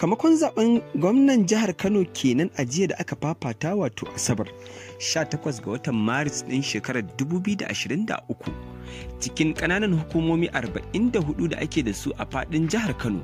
sakamakon zaben gwamnan jihar kano kenan a jiya da aka fafata wato asabar 18 ga watan maris ɗin shekarar 2023 cikin ƙananan hukumomi 44 da ake da su a faɗin jihar kano